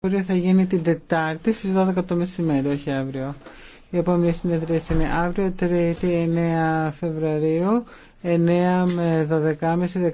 αύριο θα γίνει την Τετάρτη στις 12 το μεσημέρι, όχι αύριο. Η επόμενη συνεδρία είναι αύριο, 3η 9 Φεβρουαρίου, 9 με 12.30